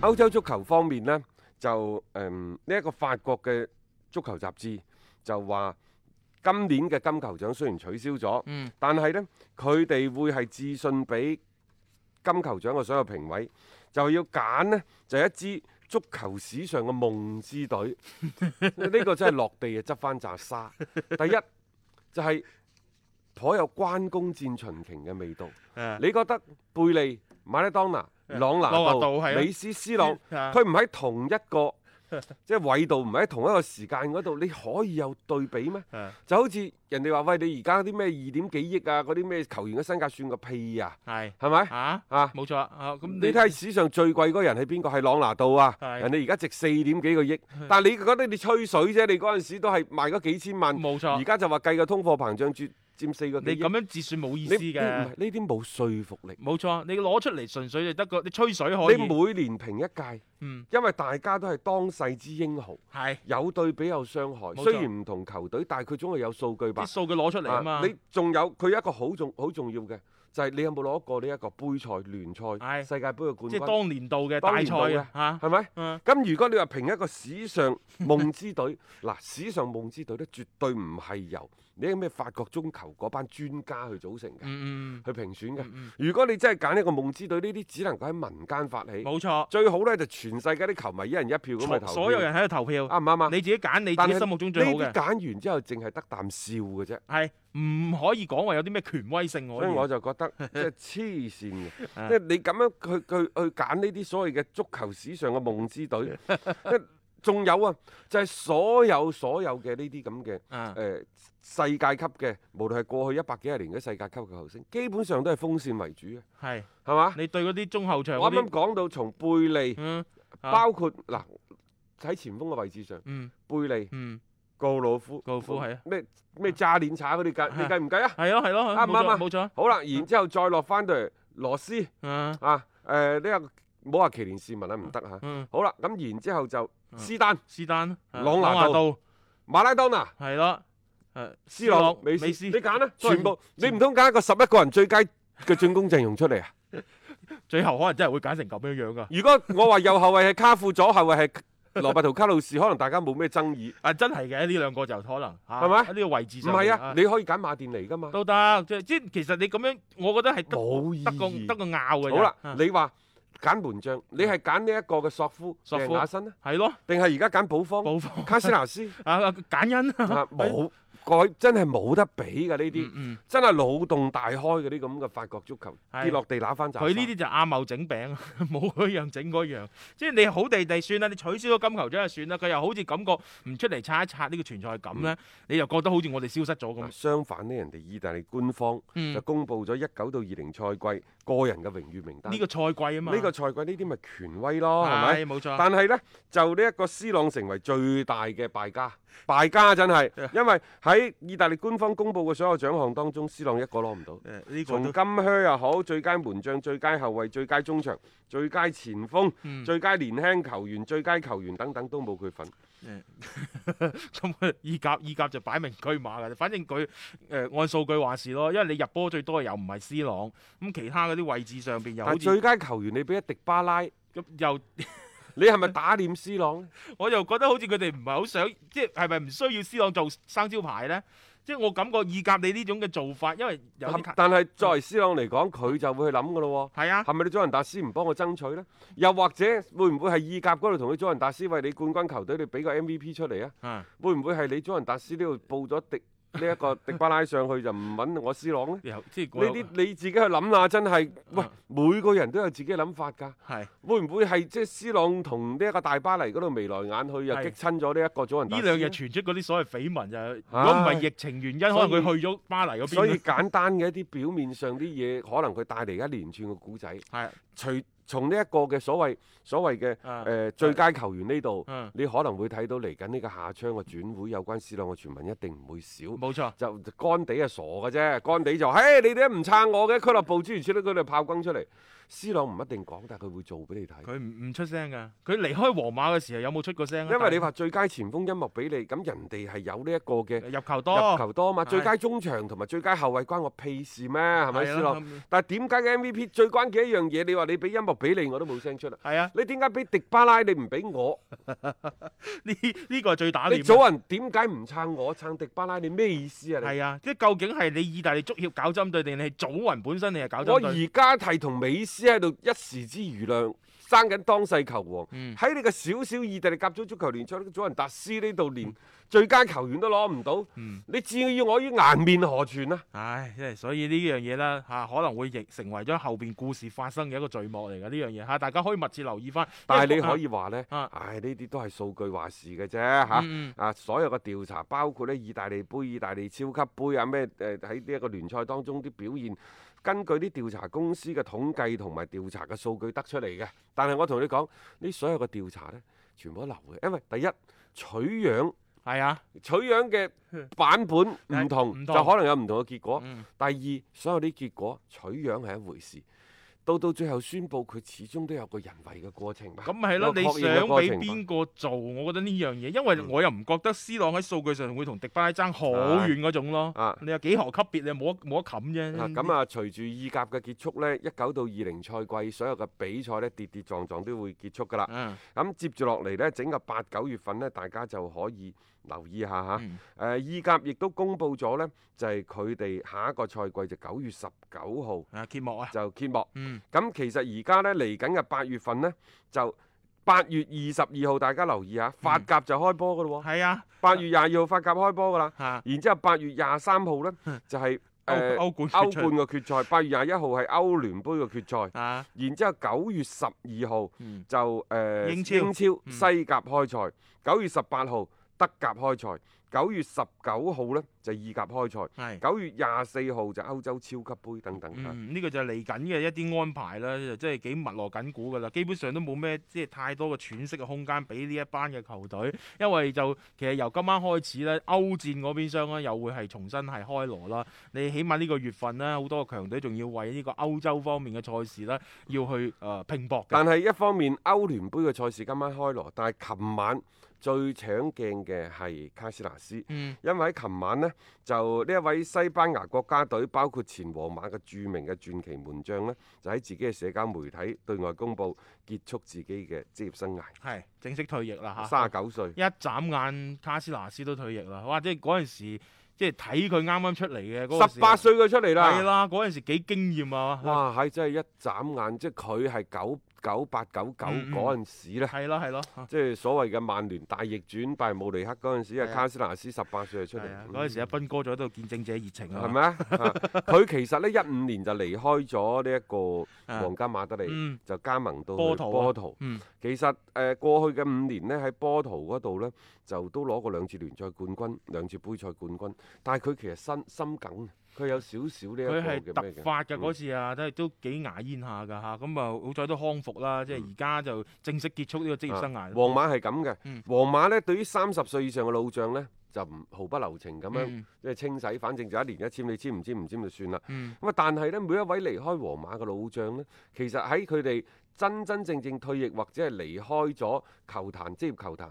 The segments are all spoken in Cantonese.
歐洲足球方面呢，就誒，呢、呃、一、這個法國嘅足球雜誌就話，今年嘅金球獎雖然取消咗，嗯、但係呢，佢哋會係自信俾金球獎嘅所有評委，就要揀呢就一支足球史上嘅夢之隊。呢 個真係落地啊，執翻紮沙。第一就係、是、頗有關公戰秦瓊嘅味道。嗯、你覺得貝利？馬拉當拿、朗拿度、美斯、斯朗，佢唔喺同一個，即係緯度唔喺同一個時間嗰度，你可以有對比咩？就好似人哋話：喂，你而家啲咩二點幾億啊？嗰啲咩球員嘅身價算個屁啊？係係咪啊？冇錯。咁你睇下史上最貴嗰人係邊個？係朗拿度啊！人哋而家值四點幾個億，但係你覺得你吹水啫？你嗰陣時都係賣咗幾千萬，冇錯。而家就話計個通貨膨脹。佔四個，你咁樣折算冇意思嘅。唔係，呢啲冇説服力。冇錯，你攞出嚟純粹就得個你吹水可以。你每年評一屆，因為大家都係當世之英雄，有對比有傷害。雖然唔同球隊，但係佢總係有數據吧？啲數據攞出嚟啊嘛！你仲有佢一個好重好重要嘅，就係你有冇攞過呢一個杯賽聯賽、世界盃嘅冠軍？即係當年度嘅大賽啊，係咪？咁如果你話評一個史上夢之隊，嗱，史上夢之隊咧，絕對唔係由。你係咩法國中球嗰班專家去組成嘅？嗯、去評選嘅。嗯嗯、如果你真係揀一個夢之隊，呢啲只能夠喺民間發起。冇錯，最好呢就全世界啲球迷一人一票咁去投。所有人喺度投票。啱唔啱啊？你自己揀你自己是心目中最好嘅。揀完之後，淨係得啖笑嘅啫。係唔可以講話有啲咩權威性喎？所以我就覺得即係黐線嘅，即係 你咁樣去去去揀呢啲所謂嘅足球史上嘅夢之隊。 仲有啊，就係所有所有嘅呢啲咁嘅誒世界級嘅，無論係過去一百幾十年嘅世界級嘅球星，基本上都係鋒線為主嘅，係係嘛？你對嗰啲中後場，我啱啱講到從貝利，嗯，包括嗱喺前鋒嘅位置上，嗯，貝利，嗯，告魯夫，告魯夫係啊，咩咩炸鏈叉嗰啲計，你計唔計啊？係咯係咯，啱唔啱啊？冇錯，好啦，然之後再落翻對羅斯，嗯啊，誒呢個冇話奇連士文啊唔得嚇，嗯，好啦，咁然之後就。斯丹、斯丹、朗拿度、馬拉當拿，係咯，誒，C 朗、美斯，你揀啦，全部，你唔通揀一個十一個人最佳嘅進攻陣容出嚟啊？最後可能真係會揀成咁樣樣噶。如果我話右後衛係卡富，左後衛係羅伯圖卡路士，可能大家冇咩爭議。啊，真係嘅呢兩個就可能，係咪？呢個位置唔係啊，你可以揀馬甸尼噶嘛，都得。即係即其實你咁樣，我覺得係得得個得個拗嘅。好啦，你話。揀門將，嗯、你係揀呢一個嘅索夫，索夫，定雅辛咧？係咯，定係而家揀保方，寶鳳卡斯納斯 啊，簡恩啊，冇。 啊 改真係冇得比㗎呢啲，嗯嗯、真係腦洞大開嗰啲咁嘅法國足球跌是落地揦翻拃沙。佢呢啲就阿茂整餅，冇嗰樣整嗰樣。即係你好地地算啦，你取消咗金球獎就算啦。佢又好似感覺唔出嚟刷一刷呢個存在感呢，嗯、你又覺得好似我哋消失咗咁。相反呢，人哋意大利官方就公布咗一九到二零賽季、嗯、個人嘅榮譽名單。呢個賽季啊嘛，呢個賽季呢啲咪權威咯，係咪吧？係，冇錯。錯但係呢，就呢一個 C 朗成為最大嘅敗家，敗家真係，因為喺 喺、欸、意大利官方公布嘅所有獎項當中，C 朗一個攞唔到。呢、欸這個、從金靴又好，最佳門將、最佳後衛、最佳中場、最佳前鋒、嗯、最佳年輕球員、最佳球員等等，都冇佢份。咁意、欸、 甲意甲就擺明車馬噶啦，反正佢誒、呃、按數據話事咯。因為你入波最多又唔係 C 朗，咁其他嗰啲位置上邊又係最佳球員，你俾一迪巴拉咁又。 你係咪打臉 C 朗？ 我又覺得好似佢哋唔係好想，即係係咪唔需要 C 朗做生招牌呢？即、就、係、是、我感覺意甲你呢種嘅做法，因為有但係作為 C 朗嚟講，佢、嗯、就會去諗嘅咯。係啊，係咪你祖雲達斯唔幫我爭取呢？又或者會唔會係意甲嗰度同你祖雲達斯為你冠軍球隊，你俾個 MVP 出嚟啊？嗯，會唔會係你祖雲達斯呢度報咗敵？呢一 個迪巴拉上去就唔揾我 C 朗咧，呢啲 你自己去諗下，真係。喂，每個人都有自己諗法㗎。係是會唔會係即係 C 朗同呢一個大巴黎嗰度眉來眼去是又激親咗呢一個組人？呢兩日傳出嗰啲所謂緋聞又。如果唔係疫情原因，啊、可能佢去咗巴黎嗰邊所。所以簡單嘅一啲表面上啲嘢，可能佢帶嚟一連串嘅故仔。係的。除從呢一個嘅所謂所謂嘅誒、啊呃、最佳球員呢度，嗯、你可能會睇到嚟緊呢個夏窗嘅轉會有關資料嘅傳聞一定唔會少。冇錯，就幹地啊傻嘅啫，幹地就話，嘿，你哋唔撐我嘅俱樂部，諸如此類，佢哋炮轟出嚟。C 朗唔一定講，但係佢會做俾你睇。佢唔唔出聲㗎。佢離開皇馬嘅時候有冇出過聲啊？因為你話最佳前鋒音樂俾你，咁人哋係有呢一個嘅入球多入球多啊嘛！最佳中場同埋最佳後衞關我屁事咩？係咪 C 朗？但係點解嘅 MVP 最關鍵一樣嘢？你話你俾音樂俾你，我都冇聲出啦。係啊。你點解俾迪巴拉你唔俾我？呢呢個係最打臉。祖雲點解唔撐我撐迪巴拉？你咩意思啊？你係啊？即係究竟係你意大利足協搞針對，定係祖雲本身你係搞針對？我而家睇同美。只喺度一時之瑜亮，爭緊當世球王。喺、嗯、你個小小意大利甲組足、足球聯賽，呢個祖雲達斯呢度連最佳球員都攞唔到，嗯、你至要我於顏面何存啊？唉、哎，即係所以呢樣嘢啦，吓可能會亦成為咗後邊故事發生嘅一個序幕嚟噶呢樣嘢吓，大家可以密切留意翻。但係你可以話呢，唉，呢啲都係數據話事嘅啫，吓啊，嗯嗯所有嘅調查包括呢意大利杯、意大利超級杯啊，咩誒喺呢一個聯賽當中啲表現。根據啲調查公司嘅統計同埋調查嘅數據得出嚟嘅，但係我同你講，啲所有嘅調查呢，全部都流嘅，因為第一取樣係啊，取樣嘅、啊、版本唔同，同就可能有唔同嘅結果。嗯、第二，所有啲結果取樣係一回事。到到最後宣佈，佢始終都有個人為嘅過程嘛。咁咪係咯，你想俾邊個做？我覺得呢樣嘢，因為我又唔覺得 C 朗喺數據上會同迪巴拉爭好遠嗰種咯、啊。啊，你有幾何級別，你冇得冇得冚啫。啊，咁啊，隨住意甲嘅結束呢，一九到二零賽季所有嘅比賽呢，跌跌撞撞都會結束㗎啦。嗯、啊。咁接住落嚟呢，整個八九月份呢，大家就可以。留意下嚇，誒意甲亦都公布咗呢，就係佢哋下一個賽季就九月十九號啊揭幕啊，就揭幕。咁其實而家呢，嚟緊嘅八月份呢，就八月二十二號，大家留意下法甲就開波噶咯喎。係啊，八月廿二號法甲開波噶啦。然之後八月廿三號呢，就係歐歐冠嘅決賽，八月廿一號係歐聯杯嘅決賽。然之後九月十二號就誒英超西甲開賽，九月十八號。德甲開賽，九月十九號呢，就意、是、甲開賽，九是月廿四號就歐洲超級杯等等。呢、嗯嗯這個就嚟緊嘅一啲安排啦，即係幾密鑼緊鼓㗎啦，基本上都冇咩即係太多嘅喘息嘅空間俾呢一班嘅球隊，因為就其實由今晚開始呢，歐戰嗰邊廂咧又會係重新係開鑼啦。你起碼呢個月份咧，好多強隊仲要為呢個歐洲方面嘅賽事呢，要去誒、呃、拼搏。但係一方面歐聯杯嘅賽事今晚開鑼，但係琴晚。最搶鏡嘅係卡斯拿斯，嗯、因為喺琴晚呢，就呢一位西班牙國家隊，包括前皇馬嘅著名嘅傳奇門將呢，就喺自己嘅社交媒體對外公佈結束自己嘅職業生涯，係正式退役啦嚇，三十九歲，一眨眼卡斯拿斯都退役啦，哇！即係嗰陣時即係睇佢啱啱出嚟嘅，十八歲佢出嚟啦，係啦，嗰陣時幾驚豔啊！哇，係、嗯、真係一眨眼，即係佢係九。九八九九嗰陣時咧，係咯係咯，即係所謂嘅曼聯大逆轉拜慕尼克嗰陣時啊，卡斯拿斯十八歲就出嚟，嗰陣的、嗯、時阿賓哥仲喺度見證者熱情啊。係咪佢其實呢，一五年就離開咗呢一個皇家馬德里，嗯、就加盟到波圖，啊。波圖，其實誒、呃、過去嘅五年呢，喺波圖嗰度呢，就都攞過兩次聯賽冠軍、兩次杯賽冠軍，但係佢其實心心梗。佢有少少呢佢係突發嘅嗰次啊，嗯、都係都幾牙煙下㗎吓，咁、嗯、啊好彩都康復啦，即係而家就正式結束呢個職業生涯。皇、啊、馬係咁嘅，皇、嗯、馬呢對於三十歲以上嘅老將呢，就毫不留情咁樣即係清洗，嗯、反正就一年一簽，你簽唔簽唔簽就算啦。咁啊、嗯，但係呢，每一位離開皇馬嘅老將呢，其實喺佢哋真真正正，正退役或者係離開咗球壇職業球壇。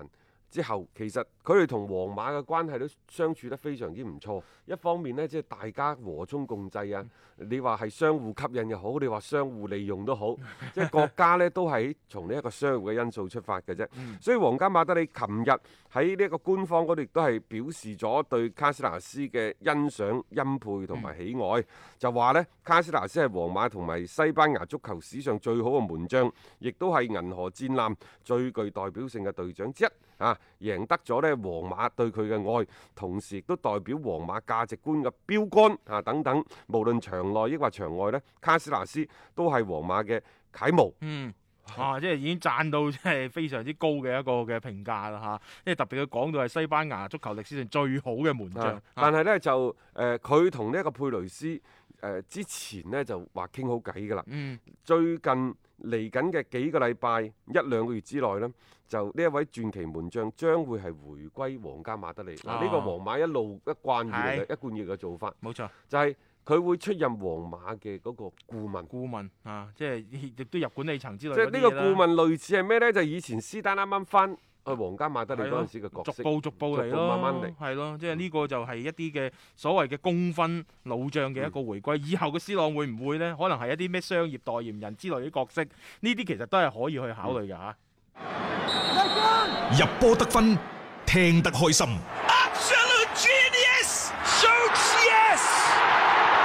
之後，其實佢哋同皇馬嘅關係都相處得非常之唔錯。一方面呢，即係大家和衷共濟啊！你話係相互吸引又好，你話相互利用都好， 即係國家呢都係從呢一個相互嘅因素出發嘅啫。嗯、所以皇家馬德里琴日喺呢一個官方嗰度亦都係表示咗對卡斯納斯嘅欣賞、欽佩同埋喜愛，嗯、就話呢，卡斯納斯係皇馬同埋西班牙足球史上最好嘅門將，亦都係銀河戰艦最具代表性嘅隊長之一。啊！贏得咗咧，皇馬對佢嘅愛，同時亦都代表皇馬價值觀嘅標杆啊！等等，無論場內抑或場外咧，卡斯拿斯都係皇馬嘅楷模。嗯，啊，是啊即係已經讚到即係非常之高嘅一個嘅評價啦嚇、啊，因為特別佢講到係西班牙足球歷史上最好嘅門將。啊啊、但係咧就誒，佢同呢一個佩雷斯誒、呃、之前咧就話傾好偈㗎啦。嗯。最近。嚟緊嘅幾個禮拜一兩個月之內咧，就呢一位傳奇門將將會係回歸皇家馬德里。嗱、哦，呢個皇馬一路一貫住嘅一貫住嘅做法，冇錯錯，就係佢會出任皇馬嘅嗰個顧問。顧問啊，即係亦都入管理層之類。即係呢個顧問類似係咩呢？就是、以前施丹啱啱翻去皇家馬德里嗰陣時嘅角色，逐步逐步嚟咯，慢慢嚟，係咯、嗯，即係呢個就係一啲嘅所謂嘅功勳老將嘅一個回歸。嗯、以後嘅思朗會唔會咧？可能係一啲咩商業代言人之類嘅角色，呢啲其實都係可以去考慮嘅嚇。嗯、入波得分，聽得開心。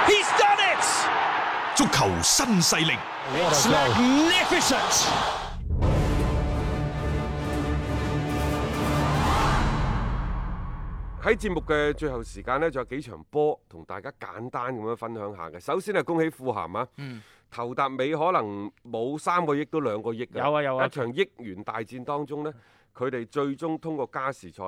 He's done it. 足球新勢力 喺節目嘅最後時間呢，仲有幾場波同大家簡單咁樣分享下嘅。首先係恭喜富咸啊，嗯、頭達尾可能冇三個億都兩個億，有啊有啊。有啊，一場億元大戰當中呢，佢哋最終通過加時賽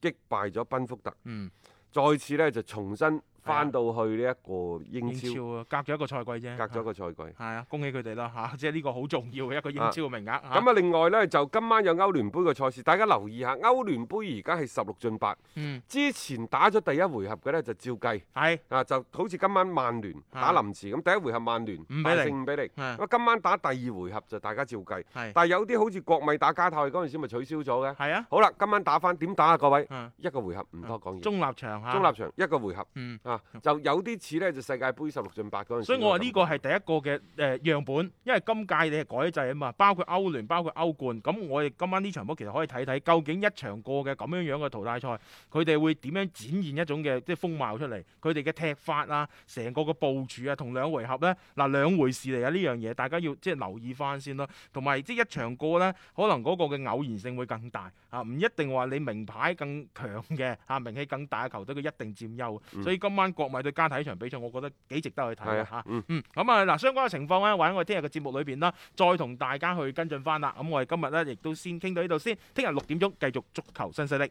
擊敗咗賓福特，嗯、再次呢就重新，翻到去呢一個英超隔咗一個賽季啫，隔咗一個賽季，係啊，恭喜佢哋啦，嚇，即係呢個好重要嘅一個英超嘅名額。咁啊，另外呢，就今晚有歐聯杯嘅賽事，大家留意下。歐聯杯而家係十六進八，之前打咗第一回合嘅呢，就照計，係啊，就好似今晚曼聯打臨時咁，第一回合曼聯勝五比五比零，咁今晚打第二回合就大家照計，但係有啲好似國米打加泰嗰陣時咪取消咗嘅，係啊。好啦，今晚打翻點打啊各位？一個回合唔多講嘢，中立場中立場一個回合，就有啲似咧，就世界杯十六進八嗰陣時。所以我話呢個係第一個嘅誒樣本，因為今屆你係改制啊嘛，包括歐聯、包括歐冠。咁我哋今晚呢場波其實可以睇睇，究竟一場過嘅咁樣樣嘅淘汰賽，佢哋會點樣展現一種嘅即係風貌出嚟？佢哋嘅踢法啊，成個嘅部署啊，同兩回合咧，嗱兩回事嚟啊！呢樣嘢大家要即係留意翻先咯。同埋即係一場過咧，可能嗰個嘅偶然性會更大啊！唔一定話你名牌更強嘅啊，名氣更大嘅球隊佢一定佔優。嗯、所以今晚。國米對加睇呢場比賽，我覺得幾值得去睇嘅吓，嗯，咁啊，嗱，相關嘅情況咧，或者我哋聽日嘅節目裏邊啦，再同大家去跟進翻啦，咁我哋今日咧，亦都先傾到呢度先，聽日六點鐘繼續足球新勢力。